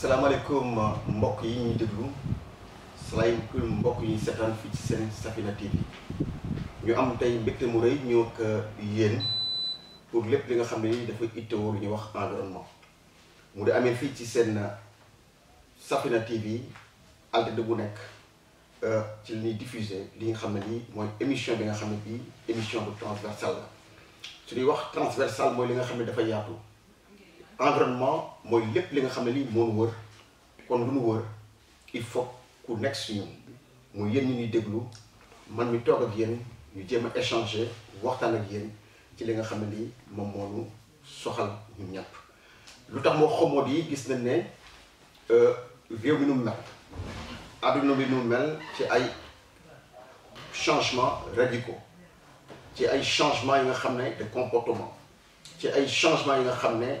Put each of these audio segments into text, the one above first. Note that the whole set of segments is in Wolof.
salaamaaleykum mbokk yi ñuy déglu salaamaaleykum mbokk yi ñu fi ci seen Safina TV ñu am tay mbégte mu reuy ñëw ak yéen pour lépp li nga xamné ni dafa ittewoo wu ñu wax environnement mu di amee fii ci sen Safina TV de bu nek euh ci li ñuy diffuser li nga xamné ne nii émission bi nga xamné bi émission de transversal. la su ñuy wax transversal moy li nga xamné dafa yaatu environnement moy lépp li nga xamné li mo wër kon lu nu wër il faut ku nekk si ñun muy yéen ñu ñuy déglu man mi toog ak yéen ñu jéem échanger waxtan ak yéen ci li nga xamné ne lii moom moonu soxal ñu ñap lutax mo moo xomoot yi gis nañ ne euh, réew mi nu mel adduna bi nu mel ci ay changement radicaux ci ay changement yi nga xamné de comportement ci ay changement yi nga xamné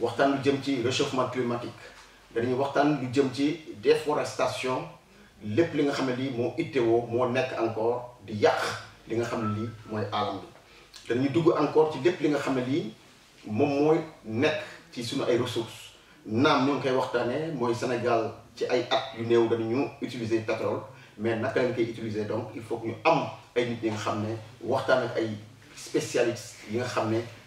waxtaan lu jëm ci réchauffement climatique dañuy waxtaan lu jëm ci déforestation lépp li nga xam ne lii moo ittewoo moo nekk encore di yàq li nga xam ne lii mooy aalam bi dañuy dugg encore ci lépp li nga xam ne lii moom mooy nekk ci suñu ay ressources naam ñu ngi koy waxtaanee mooy Sénégal ci ay at yu néew dañu utiliser pétrole mais naka lañ koy utiliser donc il faut que ñu am ay nit yi nga xam ne waxtaan ak ay spécialistes yi nga xam ne.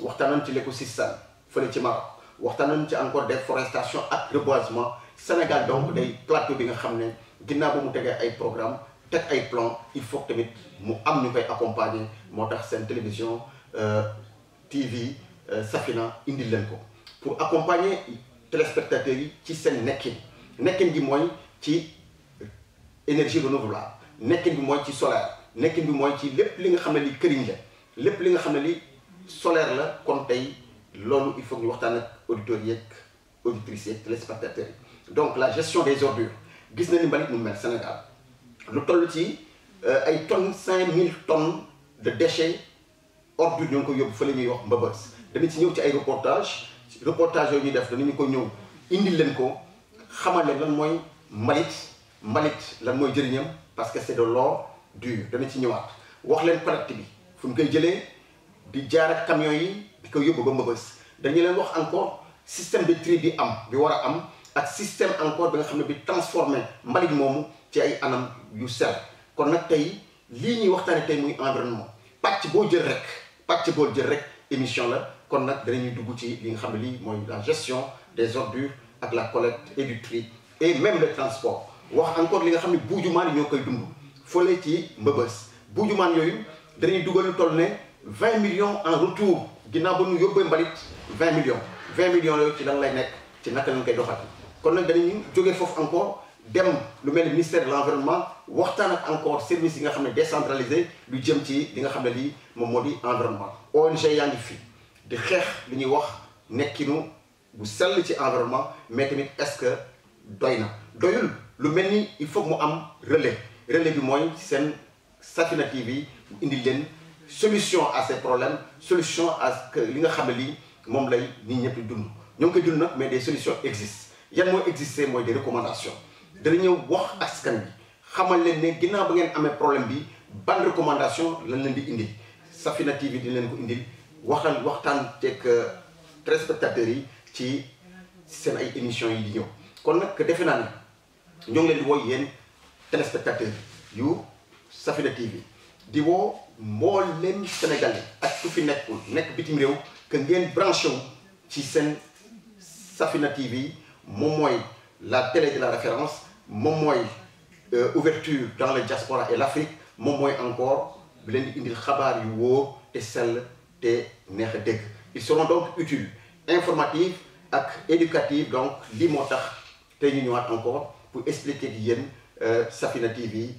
waxtaan ci l'écosystème fële ci Maroc waxtaan ci encore déforestation ak reboisement Sénégal donc day plateau bi nga xam ne ginnaaw ba mu tegee ay programme teg ay plan il faut tamit mu am ñu koy accompagner moo tax seen télévision euh, TV euh, Safina indi leen ko pour accompagner téléspectateurs yi ci seen nekkin nekkin gi mooy ci énergie renouvelable nekkin bi mooy ci solaire nekkin bi mooy ci lépp li nga xam ne li këriñ la lépp li nga xam ne li solaire là comme tey loolu il faut que waxtaan ak auditeurs yeeg auditrices yeeg téléspectateurs donc la gestion des ordures gis na ni mbalit mu mel Sénégal lu tollu ci euh, ay tonnes 5000 tonnes de déchets ordures ñu ko yob yóbbu fa la ñuy wax mbëbës dañ ci ñëw ci ay reportage reportage yooyu ñuy def danañu ko ñëw indi leen ko xamal leen lan moy malit malit lan moy jëriñam parce que c'est de l'or l'ordure dañ ci ñëwaat wax leen pratique bi fu ñu koy jëlee di jaar ak camion yi di ko yóbbu ba mbëbës dañu leen wax encore système de tri bi am bi war a am ak système encore bi nga xam ne bi transformé mbalit moomu ci ay anam yu sell kon nag tey lii ñuy waxtaane tey muy environnement pàcc boo jël rek pàcc boo jël rek émission la kon nag danañuy dugg ci li nga xam ne lii mooy la gestion des ordures ak la collecte et du tri et même le transport wax encore li nga xam ne buujumaan yi ñoo koy dund fële ci mbëbës buujumaan yooyu danañuy dugal lu toll ne 20 millions en retour ginnaaw ba ñu 20 millions 20 millions yooyu ci lan lay nekk ci que lañ koy doxal kon nag danañu jógee foofu encore dem lu ministère de l'environnement. environnement waxtaan ak encore service yi nga xam ne décentralisé lu jëm ci li nga xam ne lii moom environnement. ONG yaa ngi fi di xeex li ñuy wax nekkinu bu sell ci environnement mais tamit est-ce que doy na doyul lu melni il faut mo am relais relais bi mooy sen satina TV indi leen solution à ces problèmes solution à li nga xam ne lii moom lay nit ñëpp di dund ñoo ngi koy mais des solutions existent yan mooy exister mooy des recommandations dana ñëw wax askan bi xamal leen ne ginnaaw ba ngeen amee problème bi ban recommandation lañ leen di indil Safina TV di leen ko indil waxal waxtaan ceeg euh, téléspectateurs yi ci seen ay émissions yi di ñëw kon nag defe naa ne ñoo ngi leen di woo yéen téléspectateurs yu Safina TV di woo les sénégalais ak ku fi nekkul nekk bitim réew que ngeen branché ci Safina TV la télé de la référence moom euh, ouverture dans la diaspora et l'Afrique moom encore bi leen di indil xabaar yu ils seront donc utiles informatifs et éducatifs donc lii moo ñu encore pour expliquer ki euh, Safina TV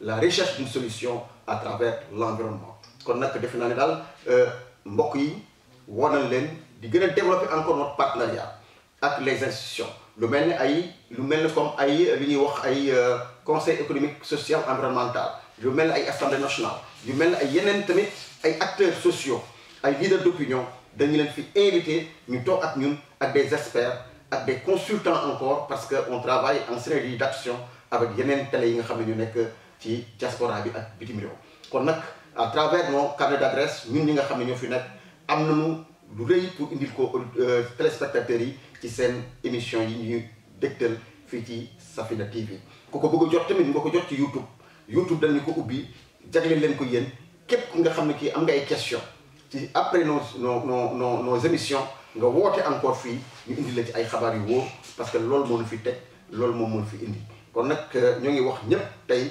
la recherche d'une solution à travers l'environnement kon def na ni dal euh mbok yi di développer encore notre partenariat avec les institutions lu mel ay lu comme ay li wax euh, conseil économique social environnemental lu mel ay assemblée nationale lu mel ay acteurs sociaux ay leaders d'opinion dañu leen fi invité ñu tok ak des experts ak des consultants encore parce que on travaille en série d'action avec yenen télé yi nga xam ci diaspora bi ak bitim réew kon nak à travers mon carnet d'adresse ñun ñi nga xam ne ñoo fi nekk am nañu lu reuy pour indil ko euh, téléspectateurs yi ci sen émission yi ñu dégtal fi ci Safina TV ku ko bëgg jot tamit nga ko jot ci YouTube YouTube dañ ko ubbi jagleel leen ko yéen képp nga xam ne am nga ay question ci après nos nos nos nos émissions nga woté encore fi ñu indi la ci ay xabar yu wo parce que lool mo ñu fi teg lool mo mo fi indi kon nak euh, ñu ngi wax ñëpp tay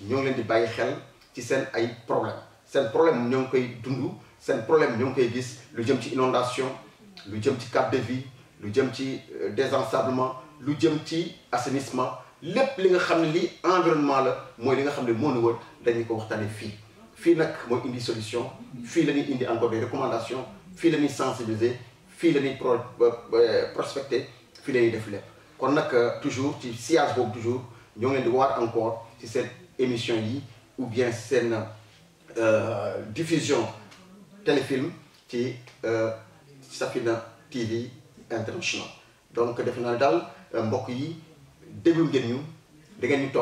ñoo ngi leen di bàyyi xel ci seen ay problème seen problème ñong koy dund seen problème ñong koy gis lu jëm ci inondation lu jëm ci cap de vie lu jëm ci euh, désensablement lu jëm ci assainissement lépp li nga xam ne li environnement la mooy li nga xam ne moo nu wër dañuy ko waxtaanee fii fii nag mooy indi solution fii la ñuy indi encore des recommandations fii la ñuy sensibiliser fii la ñuy pro euh, euh, prospecter fii la ñuy def lépp kon nag toujours ci sillage boobu toujours ñoo ngi leen di waar encore ci cette émission yi ou bien euh, diffusion téléfilm ci euh, Safina TV international donc defe dal daal euh, mbokk yi déglu ngeen ñu da ngeen ñu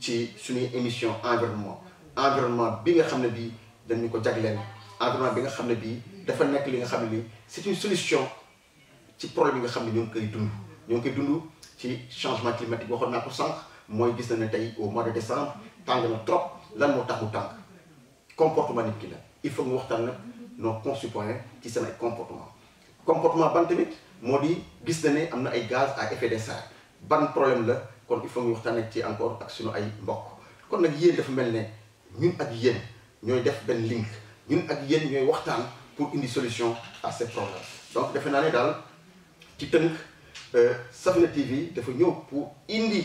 ci suñu émission environnement environnement bi nga xamné bi dañ dañu ko jagleen environnement bi nga xamné bi dafa nekk li nga xamné ne c'est une solution ci problème yi nga xamné ñu ngi koy dund Ñu ngi koy dund ci changement climatique waxon na ko sànq moy gis na ne au mois de décembre tàng na trop lan mo taxou mu comportement nit ki la il faut mu waxtaan nag nos concitoyens ci seen comportement comportement ban tamit modi di gis na ne ay gaz à effet de serre ban problème la kon il faut ñu waxtaanee ci encore ak suñu ay mbokk kon nak yéen dafa melne ñun ak yéen ñoy def ben link ñun ak yéen ñoy waxtaan pour indi solution à ces problèmes donc defe naa ne daal ci tënk euh, Safina TV dafa ñëw pour indi.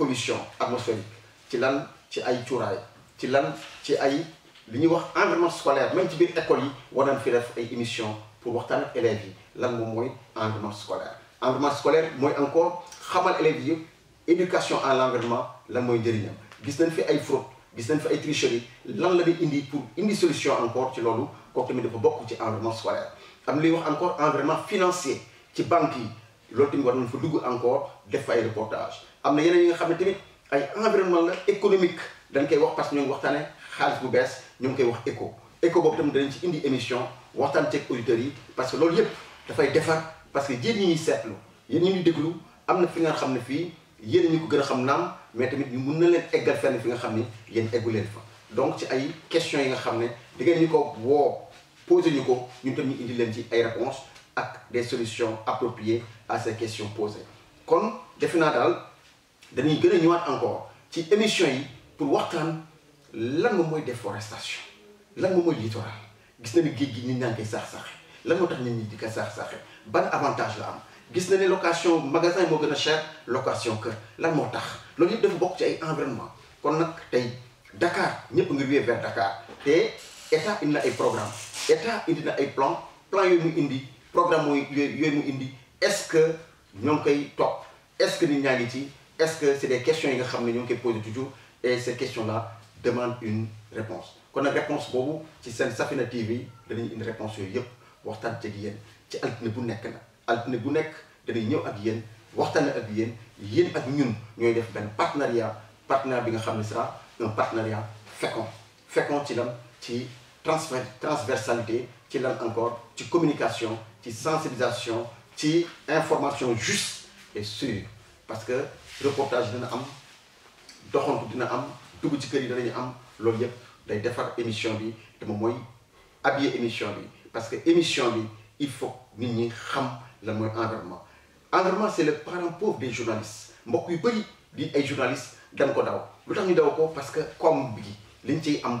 commission atmosphérique ci lan ci ay cuuraay ci lan ci ay environnement scolaire même ci biir école on a fait fi def émission pour waxtaan ak élèves yi lan environnement scolaire environnement scolaire mooy encore xamal élèves éducation à l'environnement lan mooy njëriñam gis nañ fi ay fraude gis nañ fi ay tricherie lan la indi pour indi solution encore ci loolu kooku tamit dafa bokk ci environnement scolaire am encore environnement financier ci banque yi loolu tamit war nañ fa dugg encore def fa ay reportage am na yeneen yi nga xam ne tamit ay environnement la économique dañ koy wax parce que ñoo ngi waxtaane xaalis bu bees ñoo ngi koy wax éco éco boobu tamit danañ ci indi émission waxtaan ceeg auditeurs yi parce que loolu yëpp dafay defar parce que yéen ñi ñuy seetlu yéen ñi ñuy déglu am na fi nga xam ne fii yéen ñi ko gën a xam naam mais tamit ñu mun na leen eggal fenn fi nga xam ne yéen eggu leen fa donc ci ay questions yi nga xam ne di ngeen ñu ko woo posé ñu ko ñun tam ñu indi leen ci ay réponses des solutions appropriées à ces questions posées Comme defe encore ci émission pour waxtaan lan mooy déforestation lan mooy littoral gis na ne géej gi nit ñaa ngi sax tax ñi di ban avantage la am gis na location magasin moo cher location kër lan moo tax loolu yëpp ci ay kon Dakar ñëpp vers Dakar te état indi na ay programme état indi na ay plan plan yooyu indi programme est-ce que nous sommes top, est-ce que nit est-ce que c'est des questions yi nous posons toujours et ces questions-là demandent une réponse kon une réponse bobu ci sen Safina TV dañuy une réponse une réponse ci c'est ci altine bu nekk altine bu nekk dañuy ak ak ak ñun ñoy def ben partenariat partenariat bi nga un partenariat fécond fécond ci ci transversalité ci lan encore ci communication qui sensibilisation ci information juste et sûre parce que reportage dina am doxantu dina am dugg ci kër yi danañu am loolu yëpp day defar émission bi te moom mooy habiller émission bi parce que émission il faut nit ñi xam la mooy environnement c'est le parent pauvre des journalistes mbokk yu bëri di ay journalistes dañ ko daw lu tax ñu daw ko parce que comme bi liñ ciy am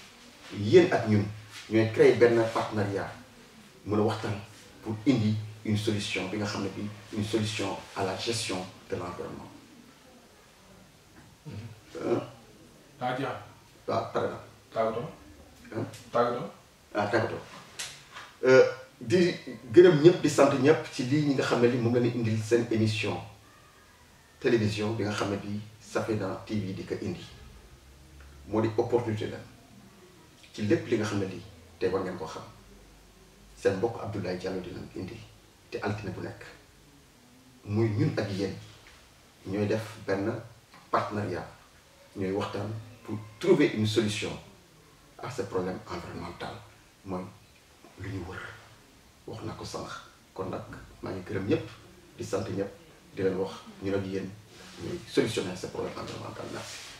yéen ak ñun ñooy créé benn partenariat mën a waxtaan pour indi une solution bi nga xam ne bi une solution à la gestion de l'environnement daa jeex waaw tàggatoo tàggatoo ah tàggatoo hein? ah, euh, di gërëm ñëpp di sant ñëpp ci lii ñi nga xam ne li moom la ñu indil seen émission télévision bi nga xam ne bi Safina TV di ko indi moo di opportunité la ci lépp li nga xam ne lii te war ngeen ko xam seen mbokk Abdoulaye Diallo dina indi te altine bu nekk muy ñun ak yéen ñooy def benn partenariat ñooy waxtaan pour trouver une solution à ce problème environnemental mooy lu ñu wër wax na ko sànq kon nag maa ngi gërëm ñëpp di sant ñëpp di leen wax ñu ak yéen ñooy solutionner ce problème environnemental merci